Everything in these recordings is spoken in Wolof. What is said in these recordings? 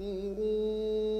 تشكرون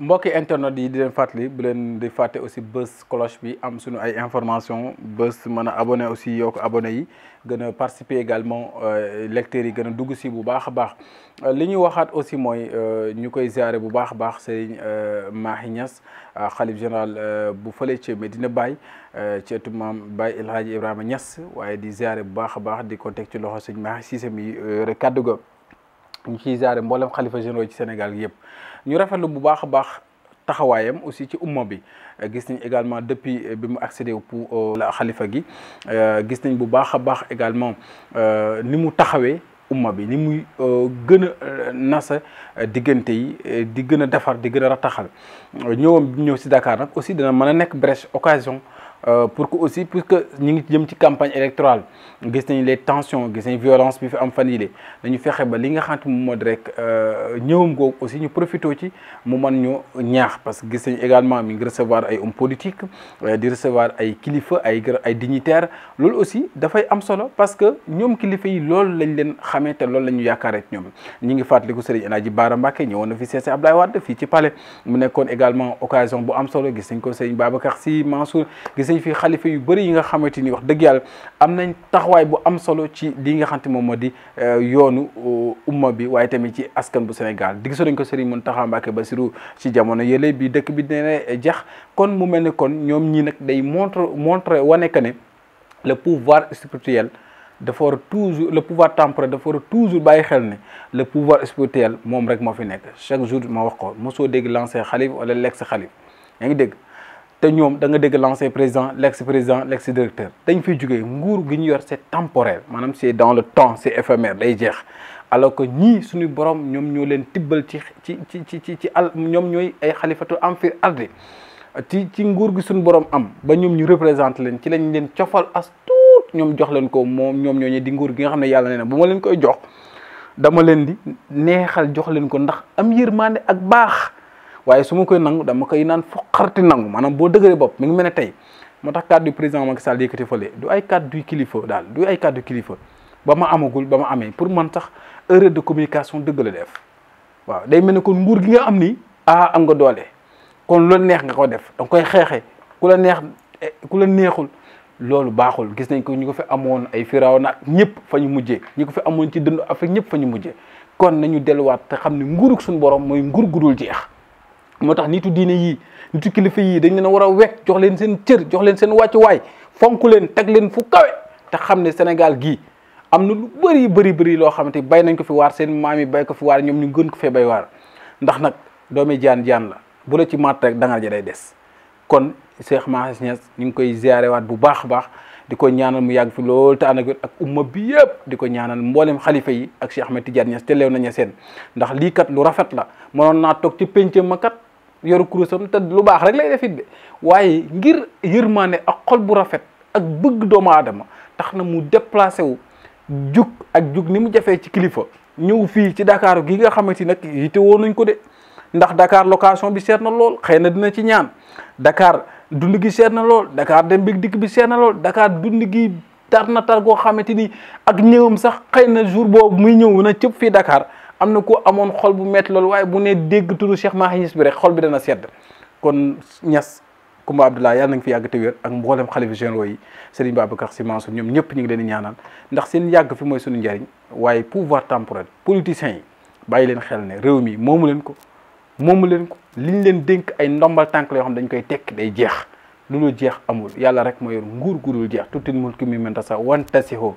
mbokki internet yi di leen fàttali bu leen di fàtte aussi bës cloche bi am suñu ay information bës mën a abonné aussi yokk abonné yi gën a participer également euh, lecteurs yi gën a dugg si bu baax a baax euh, li ñuy waxaat aussi mooy euh, ñu koy zaare bu baax a baax Serigne Mahi Niass xalif général bu fële ci Medina Baye ci ëttu maam Baye El Hadji Ibrahima Niass waaye di ziare bu baax a baax di ko teg ci loxo Serigne Mahi Cissé mi kàddu ga ñu ciy ziare mboolem xalifa généraux ci Sénégal yëpp ñu rafetlu bu baax a baax taxawaayam aussi ci umma bi euh, gis nañ également depuis euh, bi mu accédé pour la xalifa gi euh, gis nañ bu baax a baax également ni mu taxawee umma bi ni muy gën a nasa diggante yi di gën a defar di gën a rataxal ñëwam ñëw si Dakar nag aussi dana mën a nekk brèche occasion Euh, pour que aussi puisque ñu ngi jëm ci campagne électorale gis nañ les tensions gis nañ violence bi fi am fan yile dañu fexe ba li nga xam te moom moo di rek euh, ñëwam ñu profité ci mu mën ñu ñaax parce que gis nañ également mi ngi recevoir ay hommes politiques euh, di recevoir ay kilifa ay ay dignitaires loolu aussi dafay am solo parce que ñoom kilifa yi loolu lañ leen xamee loolu la ñu yaakaar ak ñoom ñi ngi fàttaliku Serigne El Hadji Bara Mbacké ñëwoon na fi seese Abdoulaye Wade fii ci palais mu nekkoon également occasion bu am solo gis nañ ko Serigne Babacar Sy Mansour gis sëñ fi xalifa yu bëri yi nga xamante ni wax dëgg yàlla am nañ taxawaay bu am solo ci li nga xamante moom moo di euh, yoonu euh, umma bi waaye tamit ci askan bu Sénégal digg so nañ ko Serigne Mountakha ba Bassirou ci jamono yële bi dëkk bi dina jeex kon mu mel ni kon ñoom ñi nag day montre montre wane que ne le pouvoir spirituel dafa war toujours le pouvoir temporel dafa war toujours bàyyi xel ne le pouvoir spirituel moom rek moo fi nekk chaque jour ma wax ko mosoo dégg l'ancien wala l'ex xalif te ñoom da nga dégg l'ancien président l'ex président l'ex directeur dañ fiy jugee nguur gi ñu yor c'est temporaire maanaam c'est dans le temps c'est éphémère day jeex alors que ñii suñu borom ñoom ñoo leen tibbal ci ci ci ci ci ci al ñoom ñooy ay xalifatu am fir ardi ci ci nguur gi suñu borom am ba ñoom ñu représente leen ci lañ leen cofal as ñoom jox leen ko moom ñoom ñoo ñe di nguur gi nga xam ne yàlla nee na bu ma leen koy jox dama leen di neexal jox leen ko ndax am baax waaye su ma koy nangu dama koy naan foqarti nangu maanaam boo dëgëree bopp mi ngi mel ne tey moo tax kàddu président Macky Sall yëkkati fële du ay kàddu kilifa daal du ay kàddu kilifa ba ma amagul ba ma amee pour man sax erreur de communication dëgg la def waaw day mel ne kon nguur gi nga am nii ah am nga doole kon lu la neex nga ko def danga koy xeexee ku la neex eh, ku la neexul loolu baaxul gis nañ ko ñu ko fi amoon ay firaaw nag ñëpp fa ñu mujjee ñi ko fi amoon ci dëndu Afrique ñëpp fa ñu mujjee kon nañu delluwaat te xam ne nguurug suñu borom mooy nguur gudul jeex moo tax nitu diine yii nitu kilifa yii dañ leen a war a wekk jox leen seen cër jox leen seen waay fonk leen teg leen fu kawe te xam ne Sénégal gii am na lu bëri bëri bëri loo xamante bay nañ ko fi waar seen maam yi bay ko fi waar ñoom ñu gën ko fee bay waar ndax nag doomi jaan jaan la bu la ci màtt rek dangal ja day des kon Cheikh Mahi ñu ngi koy ziare waat bu baax a baax di ko ñaanal mu yàgg fi loolu te ànd ak ak bi yëpp di ko ñaanal mboolem xalifa yi ak Cheikh Ahmed Tidiane Niass te leew na ña seen ndax lii kat lu rafet la mënoon naa toog ci pénc ma kat yoru kurusam te lu baax rek lay def it de waaye ngir ne ak xol bu rafet ak bëgg doomu aadama tax na mu déplacé wu jug ak jug ni mu jafee ci kilifa ñëw fii ci Dakar gi nga xamante ni nag yite woo nañ ko de ndax Dakar location bi seet na lool xëy na dina ci ñaan Dakar dund gi seet na lool Dakar bi dikk bi seet na lool Dakar dund gi tar na tar goo xamante ni ak ñëwam sax xëy na jour boobu muy ñëw na cëpp fii Dakar. am na ku amoon xol bu métti loolu waaye bu ne dégg turu Cheikh Mahi Niass bi rek xol bi dana sedd kon Niass Koumba Abdoulaye yàlla na nga fi yàgg te wér ak mboolem xalifa généraux yi Serigne Babacar Sy Mansour ñoom ñëpp ñu ngi leen di ndax seen yàgg fi mooy suñu njariñ waaye pouvoir temporel politiciens yi bàyyi leen xel ne réew mi moomu leen ko moomu leen ko liñ leen dénk ay ndombal tànk la yoo xam dañ koy tekk day jeex lu lu jeex amul yàlla rek moo yor nguur gudul jeex tutil mulki mimman tashaa'u wa tanzi'u